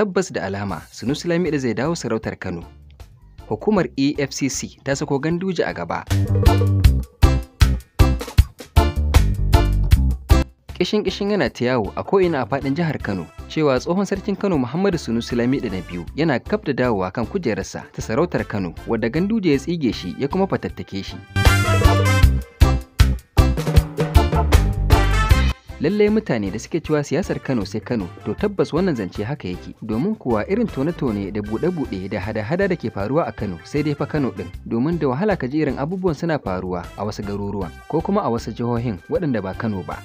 tabbas da alama sunusi da zai dawo sarautar kano hukumar efcc ta sako ganduje a gaba kishin-kishin yana ta yawo a ko'ina a faɗin jihar Kano cewa tsohon sarkin Kano Muhammadu sulami da na biyu yana kaf da dawowa kan kujerarsa ta sarautar Kano wadda ganduje ya tsige shi ya kuma fatattake shi. lallai mutane da suke cewa siyasar kano sai kano to tabbas wannan zance haka yake domin kuwa irin tone-tone da buɗe-buɗe da hada-hada da ke faruwa a kano sai dai fa kano ɗin domin da wahala ka ji irin abubuwan suna faruwa a wasu garuruwan ko kuma a wasu jihohin waɗanda ba kano ba.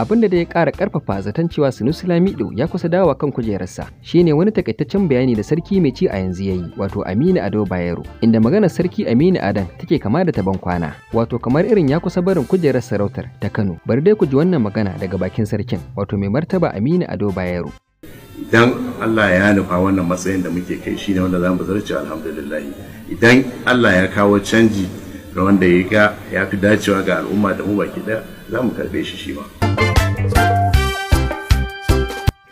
abin da ya ƙara ƙarfafa zaton cewa Sunusi Lamido ya kusa dawowa kan kujerarsa shine wani takaitaccen bayani da sarki mai ci a yanzu ya yi, wato Aminu Ado Bayero inda maganar sarki Aminu Adan take kama da taban kwana wato kamar irin ya kusa barin kujerar sarautar ta Kano bari dai ku ji wannan magana daga bakin sarkin wato mai martaba Aminu Ado Bayero idan Allah ya nufa wannan matsayin da muke kai shine wanda zamu zarce alhamdulillah idan Allah ya kawo canji ga wanda ya ga ya fi dacewa ga al'umma da mu baki daya za mu karbe shi shi ma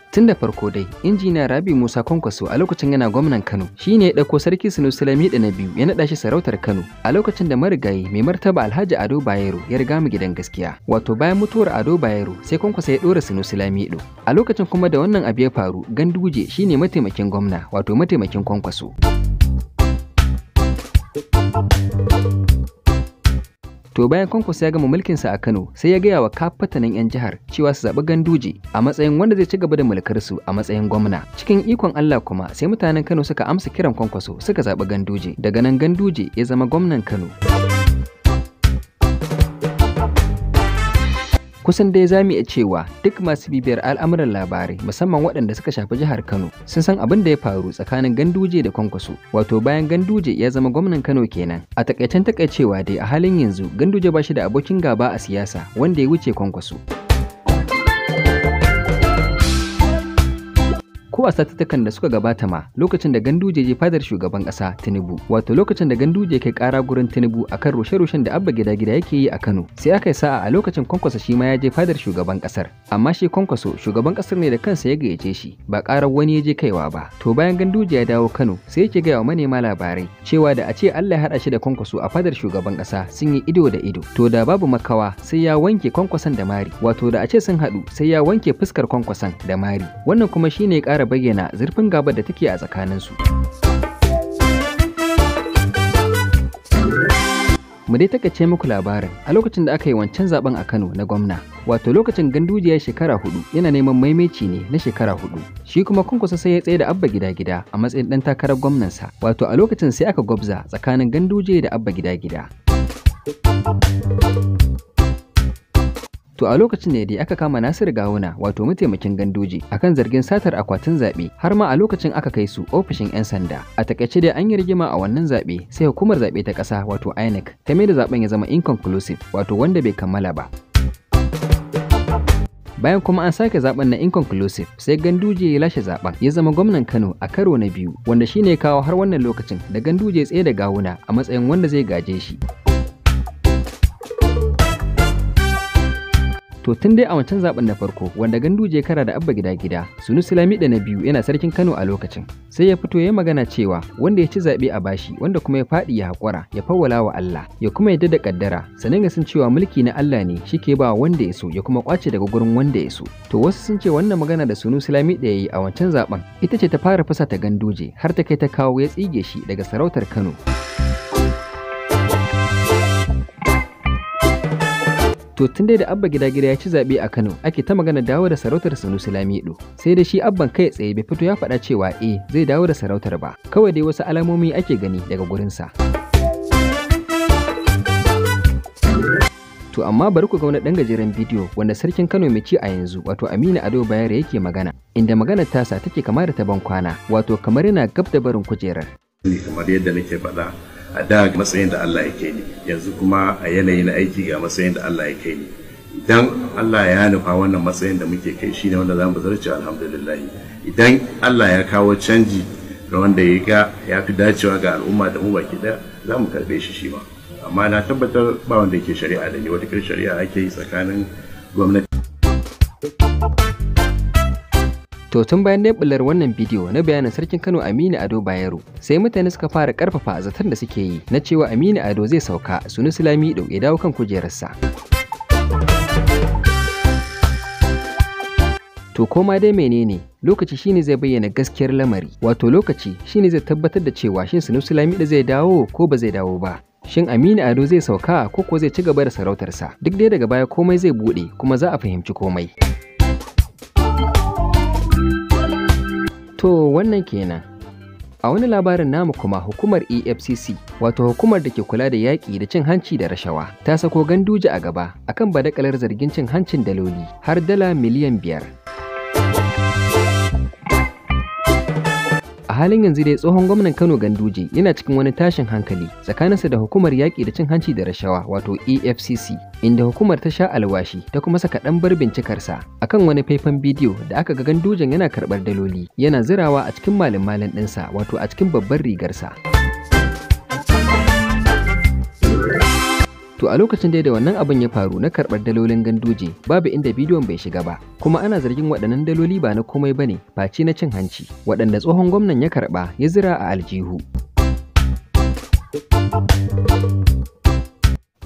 Tun da farko dai, injiniya Rabi Musa Kwankwaso a lokacin yana gwamnan Kano shi ne ya ɗauko sarki Sunusi da na biyu ya naɗa shi sarautar Kano a lokacin da marigayi mai martaba Alhaji Ado Bayero ya riga mu gidan gaskiya. Wato bayan mutuwar Ado Bayero sai Kwankwaso ya ɗora Sunusi ɗo A lokacin kuma da wannan abu ya faru Ganduje shi ne mataimakin gwamna wato mataimakin Kwankwaso. To bayan Kwankwaso ya gama mulkinsa a Kano, sai ya gaya wa kafatanin 'yan jihar cewa su zaɓi Ganduje a matsayin wanda zai ci gaba da mulkar su a matsayin gwamna. Cikin ikon Allah kuma sai mutanen Kano suka amsa kiran Kwankwaso suka zaɓi Ganduje. Daga nan Ganduje ya zama gwamnan Kano. Kusan dai zamu iya cewa duk masu bibiyar al'amuran labarai musamman waɗanda suka shafi jihar Kano sun san abin da ya faru tsakanin Ganduje da Kwankwaso. Wato bayan Ganduje ya zama gwamnan Kano kenan. A takaicen takaicewa dai a halin yanzu Ganduje ba shi da abokin gaba a siyasa wanda ya wuce Kwankwaso. ko a satuttukan da suka gabata ma lokacin da ganduje je fadar shugaban kasa tinubu wato lokacin da ganduje kai kara gurin tinubu akan rushe-rushen da abba gida gida yake yi a kano sai aka yi sa'a a lokacin kwankwasa shi ma ya je fadar shugaban kasar amma shi kwankwaso shugaban kasar ne da kansa ya gayyace shi ba karar wani ya je kaiwa ba to bayan ganduje ya dawo kano sai yake gaya wa manema labarai cewa da a ce allah ya haɗa shi da kwankwaso a fadar shugaban kasa sun yi ido da ido to da babu makawa sai ya wanke kwankwason da mari wato da a ce sun haɗu sai ya wanke fuskar kwankwason da mari wannan kuma shine ƙara bayyana zurfin gaba da take a tsakaninsu. mu dai takaice muku labarin a lokacin da aka yi wancan zaben a Kano na gwamna wato lokacin gandujiya shekara hudu yana neman maimaici ne na shekara hudu shi kuma kunkusa sai ya tsaye da abba gida gida a matsayin dan takarar gwamnansa wato a lokacin sai aka gwabza tsakanin ganduje da abba gida gida To a lokacin ne dai aka kama Nasiru Gawuna wato mataimakin gandoji akan zargin satar akwatin zaɓe har ma a lokacin aka kai su ofishin 'yan sanda. A takaice dai an yi rigima a wannan zaɓe sai hukumar zaɓe ta ƙasa wato INEC ta mai da zaɓen ya zama inconclusive wato wanda bai kammala ba. bayan kuma an sake zaben na inconclusive sai ganduje ya lashe zaben ya zama gwamnan kano a karo na biyu wanda shine kawo har wannan lokacin da ganduje tsaye da gawuna a matsayin wanda zai gaje shi To tun dai a wancan zaben na farko wanda Ganduje kara da Abba Gida Gida, Sunu Sulami da na biyu yana sarkin Kano a lokacin. Sai ya fito ya magana cewa wanda ya ci zaɓe a bashi wanda kuma ya faɗi ya haƙura ya fawwala wa Allah ya kuma yadda da ƙaddara sanin ga sun cewa mulki na Allah ne shi ke ba wanda ya so ya kuma ƙwace daga gurin wanda ya so. To wasu sun ce wannan magana da Sunu Sulami da ya yi a wancan zaben ita ce ta fara fasa ta Ganduje har ta kai ta kawo ya tsige shi daga sarautar Kano. To tun dai da Abba gida gida ya ci zaɓe a Kano ake ta magana dawo da sarautar Sanusi Lamido. Sai da shi Abban kai tsaye bai fito ya faɗa cewa eh zai dawo da sarautar ba. Kawai dai wasu alamomi ake gani daga gurinsa. To amma bari ku ga wani ɗan gajeren bidiyo wanda sarkin Kano mai ci a yanzu wato Aminu Ado Bayero yake magana inda maganar tasa take kama da ta ban kwana wato kamar yana gab da barin kujerar. Kamar yadda nake faɗa a da ga matsayin da Allah ya kai ni yanzu kuma a yanayi na aiki ga matsayin da Allah ya kai ni idan Allah ya nufa wannan matsayin da muke kai shi ne wanda za mu zarce alhamdulillah idan Allah ya kawo canji ga wanda ya ga ya fi dacewa ga al'umma da mu baki da za mu karbe shi shi ma amma na tabbatar ba wanda ke shari'a da ni wata shari'a ake yi tsakanin gwamnati To tun bayan dai bular wannan bidiyo na bayanin sarkin Kano Aminu Ado Bayero, sai mutane suka fara karfafa zaton da suke yi na cewa Aminu Ado zai sauka Sunu Sulami ya dawo kan kujerarsa. To koma dai menene lokaci shine zai bayyana gaskiyar lamari wato lokaci shine zai tabbatar da cewa shin Sunu Sulami da zai dawo ko ba zai dawo ba. Shin Aminu Ado zai sauka ko ko zai ci gaba da sarautarsa duk dai daga baya komai zai buɗe kuma za a fahimci komai. To wannan kenan. A wani labarin namu kuma hukumar EFCC wato hukumar da ke kula da yaƙi da cin hanci da rashawa ta sako ganduje a gaba akan badakalar zargin cin hancin daloli har dala miliyan biyar. A halin yanzu dai tsohon gwamnan Kano Ganduje yana cikin wani tashin hankali tsakaninsa da hukumar yaƙi da cin hanci da rashawa wato EFCC inda hukumar ta sha alwashi ta kuma saka ɗan bar bincikarsa akan wani faifan bidiyo da aka ga gandujen yana karɓar daloli yana zirawa a cikin malin malin ɗinsa wato a cikin babbar rigarsa. To a lokacin da wannan abin ya faru na karɓar dalolin ganduje babu inda bidiyon bai shiga ba kuma ana zargin waɗannan daloli ba na komai bane face na cin hanci waɗanda tsohon gwamnan ya karɓa ya zira a aljihu.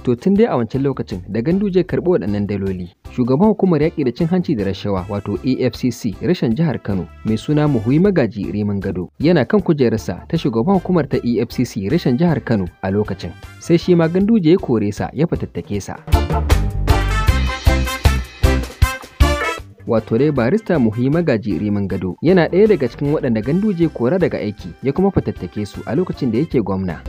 To tun dai a wancan lokacin da gandu Ganduje karɓi waɗannan daloli, shugaban hukumar yaƙi da cin hanci da rashawa wato AFCC rashin jihar Kano mai suna Muhuyi Magaji Riman Gado yana kan kujerarsa ta shugaban hukumar ta EFCC rashin jihar Kano a lokacin. Sai shi ma Ganduje ya kore sa ya fatattake sa. wato dai barista muhimma Magaji riman gado yana ɗaya daga cikin waɗanda ganduje kora daga aiki ya kuma fatattake su a lokacin da yake gwamna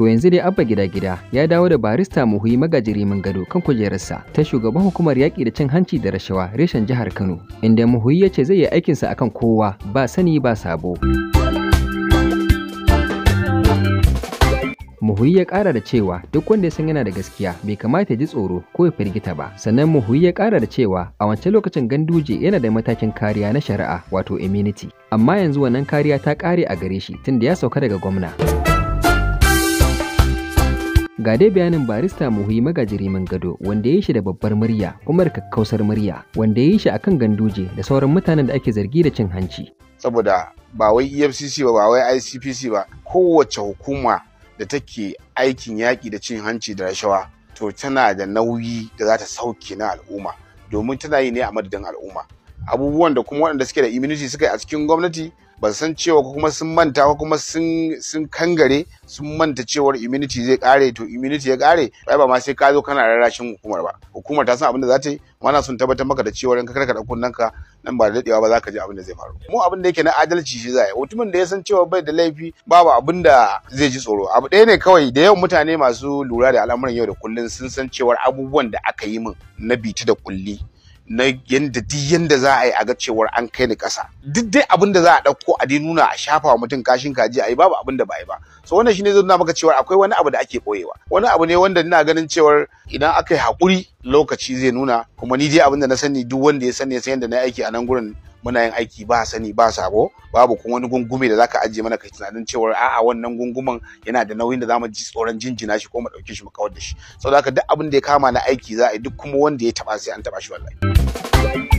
To yanzu dai Abba Gida Gida ya dawo da barista Muhuyi magajiri min gado kan kujerarsa ta shugaban hukumar yaƙi da cin hanci da rashawa reshen jihar Kano, inda Muhuyi ya ce zai yi aikinsa akan kowa ba sani ba sabo. Muhuyi ya ƙara da cewa duk wanda ya san yana da gaskiya bai kamata ya ji tsoro ko ya firgita ba. Sannan Muhuyi ya ƙara da cewa a wancan lokacin ganduje yana da matakin kariya na shari'a wato immunity. Amma yanzu wannan kariya ta ƙare a gare shi tunda ya sauka daga gwamna. Ga dai bayanin barista Muhi Magajirimin Gado wanda ya yi shi da babbar murya kuma da kakkausar murya wanda ya yi shi akan ganduje da sauran mutanen da ake zargi da cin hanci. Saboda ba wai EFCC ba ba wai ICPC ba kowace hukuma da take aikin yaƙi da cin hanci da rashawa to tana da nauyi da za ta sauke na al'umma domin tana yi ne a madadin al'umma. abubuwan da kuma waɗanda suke da immunity suka a cikin gwamnati ba su san cewa kuma sun manta ko kuma sun kangare sun manta cewar immunity zai kare to immunity ya kare ai ba ma sai ka zo kana rarrashin hukumar ba hukumar ta san abin da za ta yi mana sun tabbatar maka da cewa in ka karkata kunnanka. ka nan ba da dadewa ba za ka ji abin da zai faru mu abin da yake na adalci shi za yi mutumin da ya san cewa bai da laifi babu abin da zai ji tsoro abu ɗaya ne kawai da yawan mutane masu lura da al'amuran yau da kullun sun san cewar abubuwan da aka yi min na biti da kulli na yanda duk yanda za a yi a ga cewar an kai ni ƙasa duk dai abin da za a ɗauko a dai nuna a shafa wa mutum kashin kaji a yi babu abin da ba yi ba so wannan shine zai nuna maka cewar akwai wani abu da ake ɓoyewa wani abu ne wanda ina ganin cewar idan aka yi haƙuri lokaci zai nuna kuma ni dai abinda na sani duk wanda ya sani ya san yadda na aiki a nan gurin muna yin aiki ba sani ba sabo babu kuma wani gungume da zaka ajiye mana kai tunanin cewa a'a wannan gunguman yana da nauyin da zamu ji tsoron jinjina shi ko mu dauke shi mu kawar da shi saboda haka duk abin da ya kama na aiki za a yi duk kuma wanda ya taba sai an taba shi wallahi